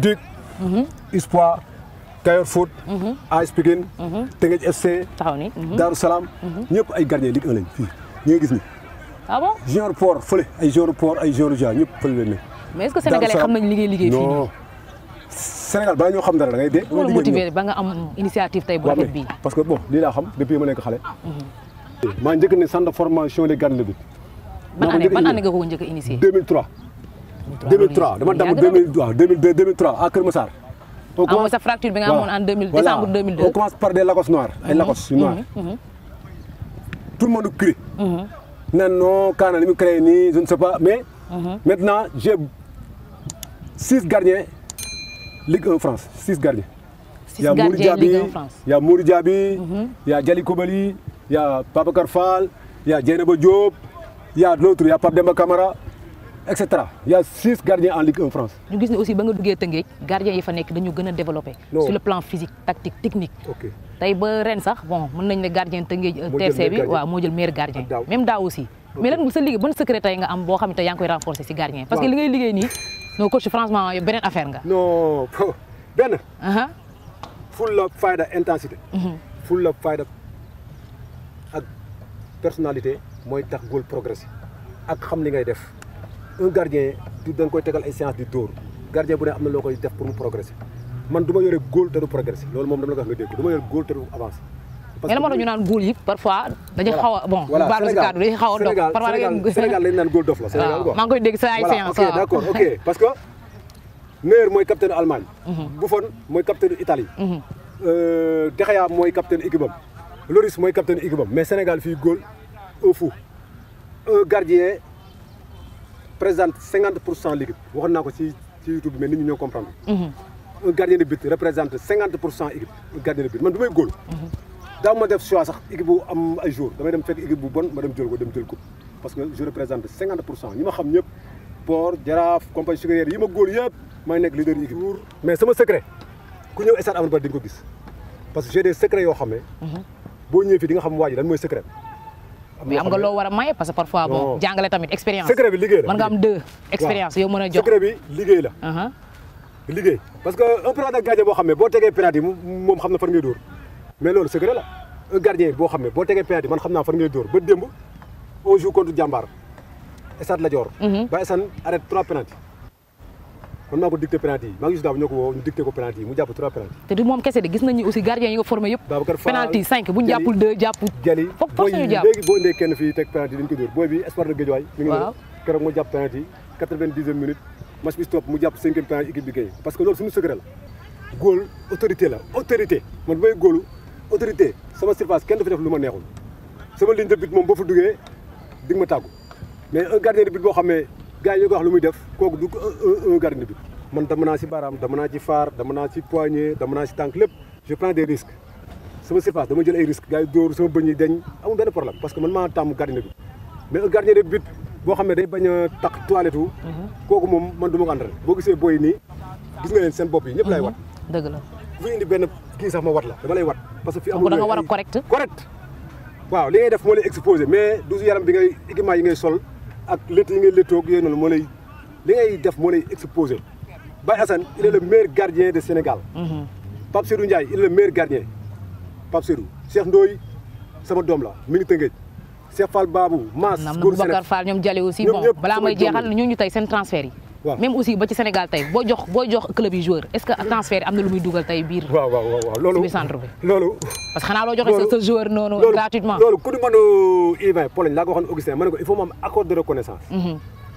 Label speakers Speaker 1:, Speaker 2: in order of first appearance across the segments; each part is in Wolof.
Speaker 1: Duc. Espoir. Kayor Foot. AS Pikine. Tengage FC. taxaw ni Darou Salaam. ñëpp ay gardien Ligue 1 lañ fii ñu gis ni ah bon genre port fële ay genre port ay genre genre ñëpp fële leen ne.
Speaker 2: mais est-ce que sénégalais xam nañ liggéey liggéey fii non
Speaker 1: Sénégal bala ñoo xam dara da ngay dee. loolu motivé
Speaker 2: ba nga am initiative tey bu rafet bii.
Speaker 1: parce que bon lii laa xam depuis ma nekk xale. maa njëkk ne centre de formation les gardiens de but. ban année ban année
Speaker 2: nga ko njëkk a initié
Speaker 1: 2003. 2003 dama 2002 2003 à Kër Massar. on commence à fracture bi nga en 2000 décembre 2002 on commence par des Lagos noirs ay lacos mhm. noirs. Mhm. Mhm. tout le monde crie. Non, non Kaana li créé ni je ne sais pas mais. maintenant j'ai six gardiens Ligue 1 France six gardiens. y a Ligue France y' a Mouridjabi, il y' a Koubali, il y' a Papa Karfal, il y' a Dieynaba Diop y' a l'autre y' a Pape Demba Camara. Etc.. il y a six gardiens en Ligue 1 France.
Speaker 2: ñu gis ne aussi ba nga duggee Tëngéej gardiens yi fa nekk dañu gën a sur le plan physique tactique technique. ok tey ba ren sax bon mën nañ ne gardien Tëngéej. Euh, TFC bi waaw moo jël meilleur gardien. même daaw aussi. mais lan sa Ligue ban secret tey nga am boo xam ne tey koy renforcer si gardien parce que li ngay liggéey nii non coach franchement beneen affaire nga.
Speaker 1: non Full up, fayda intensité. Mhm. Full up, fayda ak personnalité mooy tax góol progressé ak xam li ngay def. un gardien du da nga koy tegal ay séance di dóor gardien bu ne am na loo koy def pour mu progresser man du yore góol te du progresser loolu moom dama la ko dégg ko yore góol te du avancer.
Speaker 2: mais la ñu naan góol yi parfois a a dof
Speaker 1: la. maa ngi koy dégg sa ay séance voilà parce que. Neuer mooy capitaine Allemagne. Mhm. Buffon mooy capitaine Italie. Mhm. Euh, De mooy capitaine équipe am. mooy capitaine équipe mais Sénégal fii góol un fou gardien. représente 50% pour l'équipe waxoon naa ci ci YouTube mais nous ñi ñoo comprendre. Mhm. un gardien de but représente 50% pour équipe un gardien de but man du may góol. Mhm. ma def choix sax équipe bu am ay jours damay dem fekk équipe bu bon ma dem jël ko dem jël parce que je représente 50%. pour ma xam ñëpp Port Jaraaf compagnie sucrière yi ma góol yëpp may nekk leader équipe. mais sama secret ku ñëw stade Amadou Barry di nga gis parce que j'ai des secrets yoo xam ne. Mhm. boo ñëwee fii di nga xam waa ji lan mooy secret.
Speaker 2: mais am nga loo war a maye parce que parfois bon jàngale tamit expérience. secret bi liggéey la mën nga am deux expérience yow mën a jox secret bi
Speaker 1: liggéey la. Uh-huh. liggéey parce que un pirate ak gardien boo xam ne boo tegee pirate yi moom xam na fan ngay dóor mais loolu secret la naa fan ngay ba démb on joue contre jàmbaar Stade Lat Dior. Mm-hmm. trois penalty man mako dicté penalty ma ngi gis daaw ñoo ko ñu dicté ko penalty mu japp 3 penalty
Speaker 2: té du mom kessé dé gis nañu aussi gardien yi nga formé yépp Babacar Fall penalty cinq bu ñu jàppul deux
Speaker 1: jàpp jali booy yi léegi boo indee kenn fi teg penalty dañ ko dóor boy bi espoir de Guédiawaye mi ngi kër mo japp penalty 90e minute match bi stop mu japp 5e penalty équipe bi gay parce que lool suñu secret la goal autorité la autorité man boy goal autorité sama surface kenn dafa def luma neexul sama ligne de but mom bo fa duggé dig ma tàggu mais un gardien de but bo xamé gaay gars yi ñoo ko wax lu muy def kooku du un gardien bi man dama naa si baaraam dama naa ci faar dama naa ci poignet dama naa si tànk lépp je prends des risques sama surface dama jël ay risques gars yi door sama bëñ yi dañ amul benn problème parce que man maa tàmm gardien bi mais un gardien de but boo xam ne day bañ a taq toilette wu mhm. kooku moom man du ma ko entraîné boo gisee booy nii gis nga leen seen bopp yi ñëpp lay wat mhm. dëgg la bu indi benn kii sax ma wat la dama lay wat parce que fi amul da nga war a correct correct waaw li ngay def moo lay exposé mais du yaram bi ngay équipement yi ngay sol ak létt yi ngay léttoog yooyu noonu moo lay li ngay exposé il est le meilleur gardien de Sénégal. Mhm. Pap meilleur il est le meilleur gardien Pape Cheikh Ndoye sama mon la Cheikh Fall Babou Sénégal Fall
Speaker 2: aussi bon may ñu transfert même aussi ba Sénégal club joueur est-ce que transfert est le lu muy Oui, parce que joueur gratuitement.
Speaker 1: il faut un accord de reconnaissance. Mhm.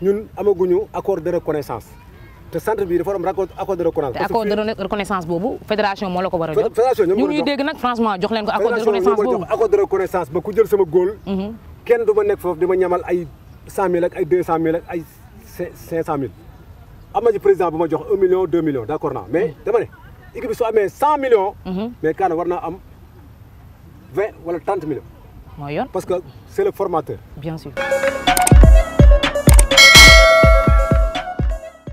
Speaker 1: Nous avons un accord de reconnaissance le centre bi réforme accord de reconnaissance. accord de
Speaker 2: reconnaissance fédération fédération franchement accord de reconnaissance accord
Speaker 1: de reconnaissance ba ku jël sama mhm. kenn 000 000 million millions mais mhm. millions. Mhm. mais quand millions. parce que c'est le formateur. bien sûr.